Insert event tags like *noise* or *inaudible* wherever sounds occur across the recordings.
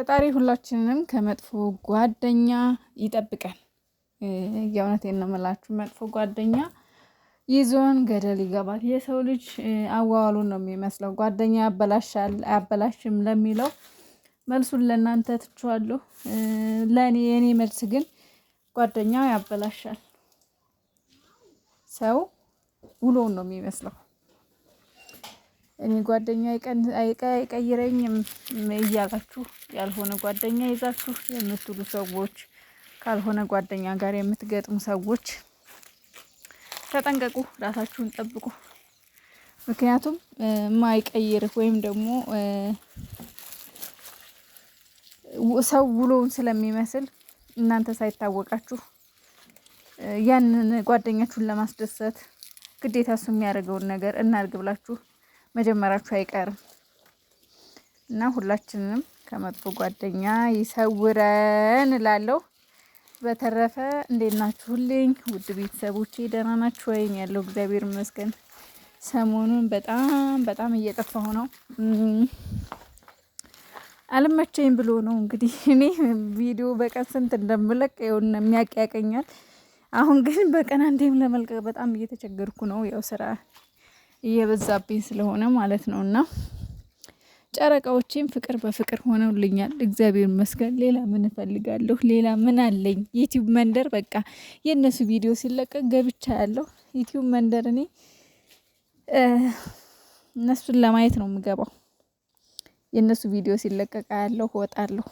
ፈጣሪ ሁላችንንም ከመጥፎ ጓደኛ ይጠብቀን። የእውነቴን የምላችሁ፣ መጥፎ ጓደኛ ይዞን ገደል ይገባል። የሰው ልጅ አዋዋሉን ነው የሚመስለው። ጓደኛ ያበላሻል አያበላሽም ለሚለው መልሱን ለእናንተ ትችዋለሁ። ለእኔ የእኔ መልስ ግን ጓደኛ ያበላሻል። ሰው ውሎውን ነው የሚመስለው። እኔ ጓደኛ አይቀይረኝም እያላችሁ ያልሆነ ጓደኛ ይዛችሁ የምትሉ ሰዎች፣ ካልሆነ ጓደኛ ጋር የምትገጥሙ ሰዎች ተጠንቀቁ፣ ራሳችሁን ጠብቁ። ምክንያቱም ማይቀይር ወይም ደግሞ ሰው ውሎውን ስለሚመስል እናንተ ሳይታወቃችሁ ያንን ጓደኛችሁን ለማስደሰት ግዴታ እሱ የሚያደርገውን ነገር እናድርግ ብላችሁ መጀመራችሁ አይቀርም እና ሁላችንንም ከመጥፎ ጓደኛ ይሰውረን እላለሁ። በተረፈ እንዴት ናችሁልኝ ውድ ቤተሰቦቼ? ደህና ናችሁ ያለው እግዚአብሔር ይመስገን። ሰሞኑን በጣም በጣም እየጠፋሁ ነው። አልመቸኝ ብሎ ነው እንግዲህ እኔ ቪዲዮ በቀን ስንት እንደምለቅ ይኸውና የሚያቅ ያቀኛል። አሁን ግን በቀን አንዴም ለመልቀቅ በጣም እየተቸገርኩ ነው። ያው ስራ እየበዛብኝ ስለሆነ ማለት ነው። እና ጨረቃዎቼም ፍቅር በፍቅር ሆነውልኛል። እግዚአብሔር ይመስገን። ሌላ ምን እፈልጋለሁ? ሌላ ምን አለኝ? ዩቲዩብ መንደር በቃ የእነሱ ቪዲዮ ሲለቀቅ ገብቻ ያለው ዩቲዩብ መንደር እኔ እነሱን ለማየት ነው የምገባው። የእነሱ ቪዲዮ ሲለቀቅ አያለሁ፣ እወጣለሁ።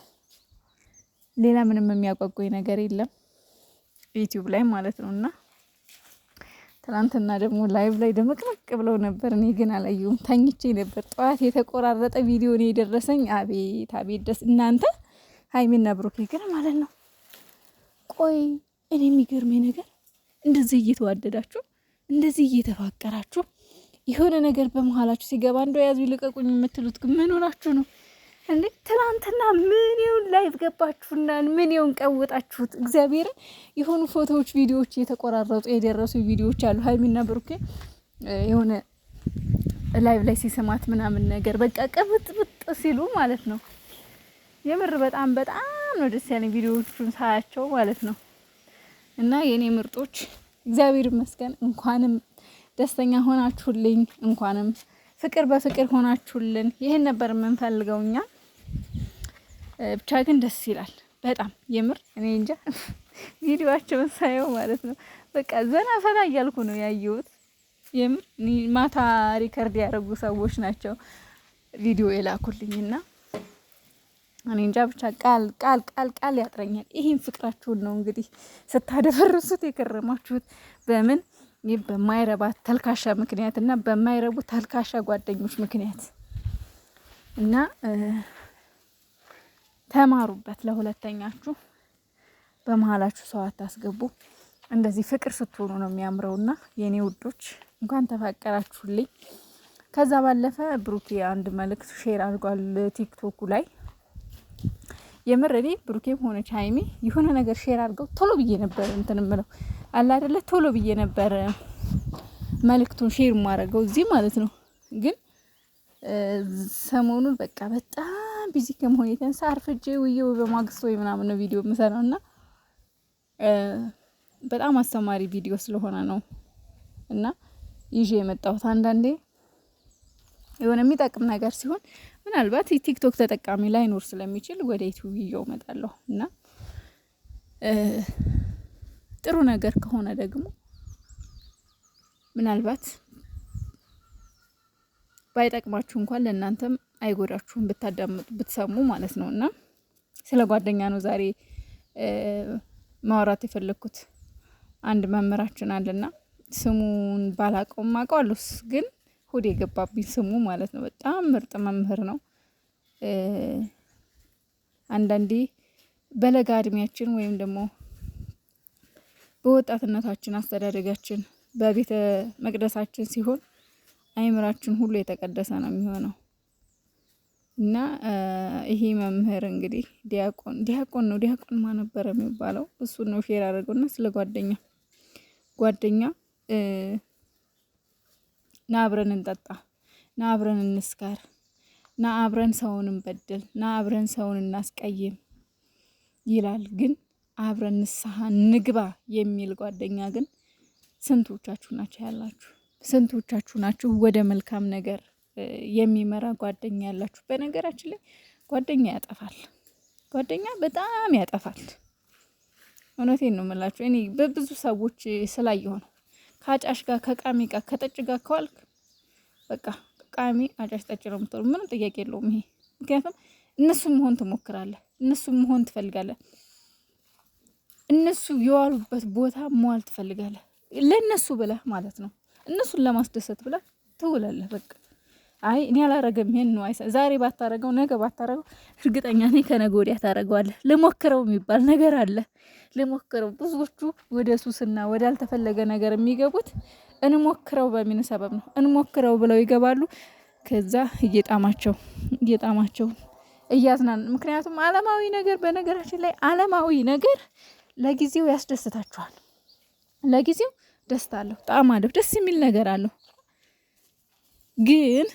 ሌላ ምንም የሚያጓጓኝ ነገር የለም ዩቲዩብ ላይ ማለት ነው እና ትናንትና ደግሞ ላይቭ ላይ ደመቅመቅ ብለው ነበር። እኔ ግን አላየሁም፣ ተኝቼ ነበር። ጠዋት የተቆራረጠ ቪዲዮ ነው የደረሰኝ። አቤት አቤት ደስ እናንተ ሀይሚና ብሩኬ ግን ማለት ነው። ቆይ እኔ የሚገርመኝ ነገር እንደዚህ እየተዋደዳችሁ እንደዚህ እየተፋቀራችሁ የሆነ ነገር በመሀላችሁ ሲገባ እንደው ያዙ ይልቀቁኝ የምትሉት ግን ምን ሆናችሁ ነው? እንዴ ትናንትና ምን ይሁን ላይቭ ገባችሁና ምን ይሁን ቀውጣችሁት። እግዚአብሔር የሆኑ ፎቶዎች፣ ቪዲዮዎች እየተቆራረጡ የደረሱ ቪዲዮዎች አሉ። ሀይሚና ብሩኬ የሆነ ላይቭ ላይ ሲሰማት ምናምን ነገር በቃ ቅብጥብጥ ሲሉ ማለት ነው። የምር በጣም በጣም ነው ደስ ያለኝ ቪዲዮዎቹን ሳያቸው ማለት ነው። እና የእኔ ምርጦች እግዚአብሔር ይመስገን እንኳንም ደስተኛ ሆናችሁልኝ፣ እንኳንም ፍቅር በፍቅር ሆናችሁልን። ይህን ነበር የምንፈልገው እኛ። ብቻ ግን ደስ ይላል በጣም የምር እኔ እንጃ *laughs* ቪዲዮአቸውን ሳየው ማለት ነው በቃ ዘና ፈታ እያልኩ ነው ያየሁት። የምር ማታ ሪከርድ ያደረጉ ሰዎች ናቸው ቪዲዮ የላኩልኝና እኔ እንጃ ብቻ ቃል ቃል ቃል ቃል ያጥረኛል። ይህም ፍቅራችሁን ነው እንግዲህ ስታደፈርሱት የከረማችሁት በምን ይህ በማይረባ ተልካሻ ምክንያት እና በማይረቡ ተልካሻ ጓደኞች ምክንያት እና ተማሩበት። ለሁለተኛችሁ በመሀላችሁ ሰው አታስገቡ። እንደዚህ ፍቅር ስትሆኑ ነው የሚያምረውና የእኔ ውዶች እንኳን ተፋቀራችሁልኝ። ከዛ ባለፈ ብሩኬ አንድ መልእክት ሼር አድርጓል ቲክቶኩ ላይ የምር እኔ ብሩኬም ሆነች ሀይሚ የሆነ ነገር ሼር አድርገው ቶሎ ብዬ ነበር እንትን ምለው አለ አይደለ ቶሎ ብዬ ነበር መልእክቱን ሼር ማድረገው እዚህ ማለት ነው። ግን ሰሞኑን በቃ በጣም በጣም ቢዚ ከመሆን የተነሳ አርፍጄ ውዬው በማግስት ወይ ምናምን ነው ቪዲዮ የምሰራው እና በጣም አስተማሪ ቪዲዮ ስለሆነ ነው እና ይዤ የመጣሁት አንዳንዴ የሆነ የሚጠቅም ነገር ሲሆን ምናልባት ቲክቶክ ተጠቃሚ ላይኖር ስለሚችል ወደ ዩቲዩብ ይዤው እመጣለሁ እና ጥሩ ነገር ከሆነ ደግሞ ምናልባት ባይጠቅማችሁ እንኳን ለእናንተም አይጎዳችሁም ብታዳምጡ ብትሰሙ ማለት ነው። እና ስለ ጓደኛ ነው ዛሬ ማውራት የፈለግኩት። አንድ መምህራችን አለና ስሙን ባላቀውም አውቀዋለሁስ ግን ሆድ የገባብኝ ስሙ ማለት ነው። በጣም ምርጥ መምህር ነው። አንዳንዴ በለጋ እድሜያችን ወይም ደግሞ በወጣትነታችን አስተዳደጋችን በቤተ መቅደሳችን ሲሆን አይምራችን ሁሉ የተቀደሰ ነው የሚሆነው። እና ይሄ መምህር እንግዲህ ዲያቆን ዲያቆን ነው ዲያቆን ማ ነበረ የሚባለው እሱ ነው ሼር አድርገውና ስለ ጓደኛ ጓደኛ ና አብረን እንጠጣ፣ ና አብረን እንስካር፣ ና አብረን ሰውን እንበድል፣ ና አብረን ሰውን እናስቀይም ይላል። ግን አብረን ንስሐ ንግባ የሚል ጓደኛ ግን ስንቶቻችሁ ናችሁ ያላችሁ? ስንቶቻችሁ ናችሁ ወደ መልካም ነገር የሚመራ ጓደኛ ያላችሁ፣ በነገራችን ላይ ጓደኛ ያጠፋል። ጓደኛ በጣም ያጠፋል። እውነቴን ነው የምላችሁ። እኔ በብዙ ሰዎች ስላየሁ ነው። ከአጫሽ ጋር ከቃሚ ጋር ከጠጭ ጋር ከዋልክ በቃ ቃሚ አጫሽ ጠጭ ነው የምትሆኑ። ምንም ጥያቄ የለውም ይሄ። ምክንያቱም እነሱን መሆን ትሞክራለህ፣ እነሱ መሆን ትፈልጋለህ፣ እነሱ የዋሉበት ቦታ መዋል ትፈልጋለህ። ለእነሱ ብለህ ማለት ነው። እነሱን ለማስደሰት ብለህ ትውላለህ በቃ አይ እኔ አላረገም። ይሄን ነው አይሰ ዛሬ ባታረገው ነገ ባታረገው እርግጠኛ ነኝ ከነገ ወዲያ ታረገዋለህ። ልሞክረው የሚባል ነገር አለ። ልሞክረው ብዙዎቹ ወደ ሱስና ወደ አልተፈለገ ነገር የሚገቡት እንሞክረው በሚል ሰበብ ነው። እንሞክረው ብለው ይገባሉ። ከዛ እየጣማቸው እየጣማቸው እያዝናን ምክንያቱም አለማዊ ነገር በነገራችን ላይ አለማዊ ነገር ለጊዜው ያስደስታችኋል። ለጊዜው ደስታ አለሁ፣ ጣዕም አለሁ፣ ደስ የሚል ነገር አለሁ ግን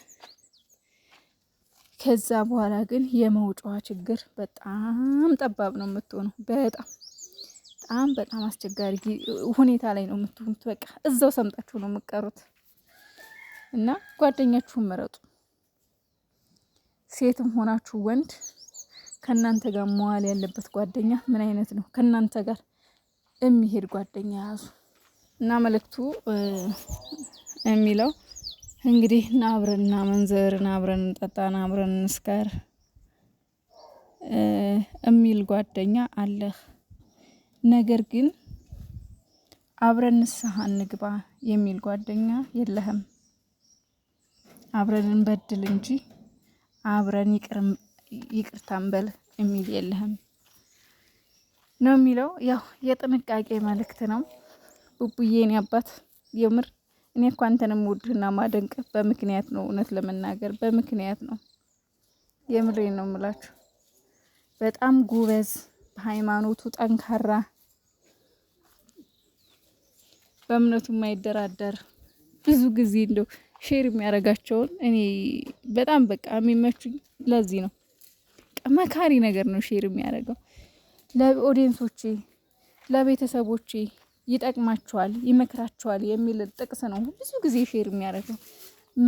ከዛ በኋላ ግን የመውጫዋ ችግር በጣም ጠባብ ነው የምትሆነው። በጣም በጣም በጣም አስቸጋሪ ሁኔታ ላይ ነው የምትሆኑት። በቃ እዛው ሰምጣችሁ ነው የምትቀሩት። እና ጓደኛችሁን መረጡ። ሴትም ሆናችሁ ወንድ ከእናንተ ጋር መዋል ያለበት ጓደኛ ምን አይነት ነው? ከእናንተ ጋር የሚሄድ ጓደኛ ያዙ እና መልእክቱ የሚለው እንግዲህ ና አብረን እናመንዝር፣ ና አብረን እንጠጣ፣ ና አብረን እንስከር እሚል ጓደኛ አለህ። ነገር ግን አብረን ንስሐ እንግባ የሚል ጓደኛ የለህም። አብረን እንበድል እንጂ አብረን ይቅርታን በል የሚል የለህም ነው የሚለው። ያው የጥንቃቄ መልእክት ነው። ቡቡዬን ያባት የምር እኔ እኮ አንተንም ውድህና ማደንቅ በምክንያት ነው፣ እውነት ለመናገር በምክንያት ነው። የምሬ ነው የምላችሁ። በጣም ጎበዝ፣ በሃይማኖቱ ጠንካራ፣ በእምነቱ የማይደራደር ብዙ ጊዜ እንደው ሼር የሚያደርጋቸውን እኔ በጣም በቃ የሚመቹኝ ለዚህ ነው። መካሪ ነገር ነው ሼር የሚያደርገው ለኦዲየንሶቼ፣ ለቤተሰቦቼ ይጠቅማቸዋል፣ ይመክራቸዋል የሚል ጥቅስ ነው ብዙ ጊዜ ሼር የሚያደርገው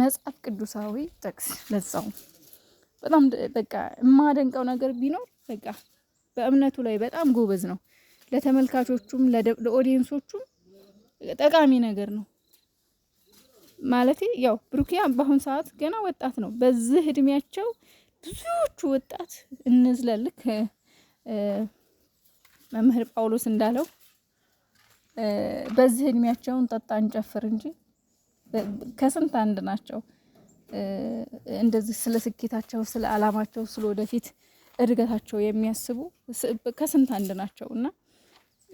መጽሐፍ ቅዱሳዊ ጥቅስ። ለዛው በጣም በቃ የማደንቀው ነገር ቢኖር በቃ በእምነቱ ላይ በጣም ጎበዝ ነው። ለተመልካቾቹም ለኦዲየንሶቹም ጠቃሚ ነገር ነው። ማለት ያው ብሩኪያ በአሁን ሰዓት ገና ወጣት ነው። በዚህ እድሜያቸው ብዙዎቹ ወጣት እንዝለልክ መምህር ጳውሎስ እንዳለው በዚህ እድሜያቸውን ጠጣ እንጨፍር እንጂ ከስንት አንድ ናቸው። እንደዚህ ስለ ስኬታቸው፣ ስለ አላማቸው፣ ስለ ወደፊት እድገታቸው የሚያስቡ ከስንት አንድ ናቸው እና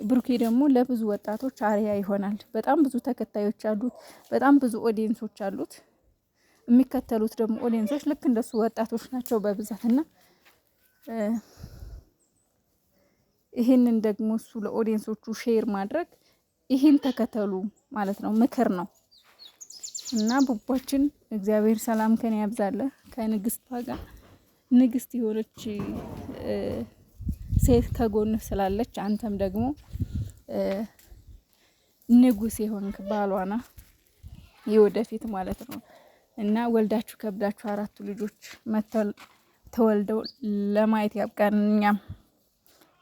ብሩኬ ደግሞ ለብዙ ወጣቶች አርያ ይሆናል። በጣም ብዙ ተከታዮች አሉት። በጣም ብዙ ኦዲየንሶች አሉት። የሚከተሉት ደግሞ ኦዲየንሶች ልክ እንደሱ ወጣቶች ናቸው በብዛት እና ይህንን ደግሞ እሱ ለኦዲየንሶቹ ሼር ማድረግ ይህን ተከተሉ ማለት ነው። ምክር ነው እና ቡቦችን እግዚአብሔር ሰላም ከን ያብዛለህ ከንግስቷ ጋር ንግስት የሆነች ሴት ከጎን ስላለች አንተም ደግሞ ንጉስ የሆንክ ባሏና የወደፊት ማለት ነው እና ወልዳችሁ ከብዳችሁ አራቱ ልጆች መተል ተወልደው ለማየት ያብቃን። እኛም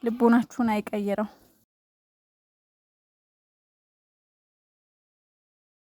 ልቦናችሁን አይቀይረው።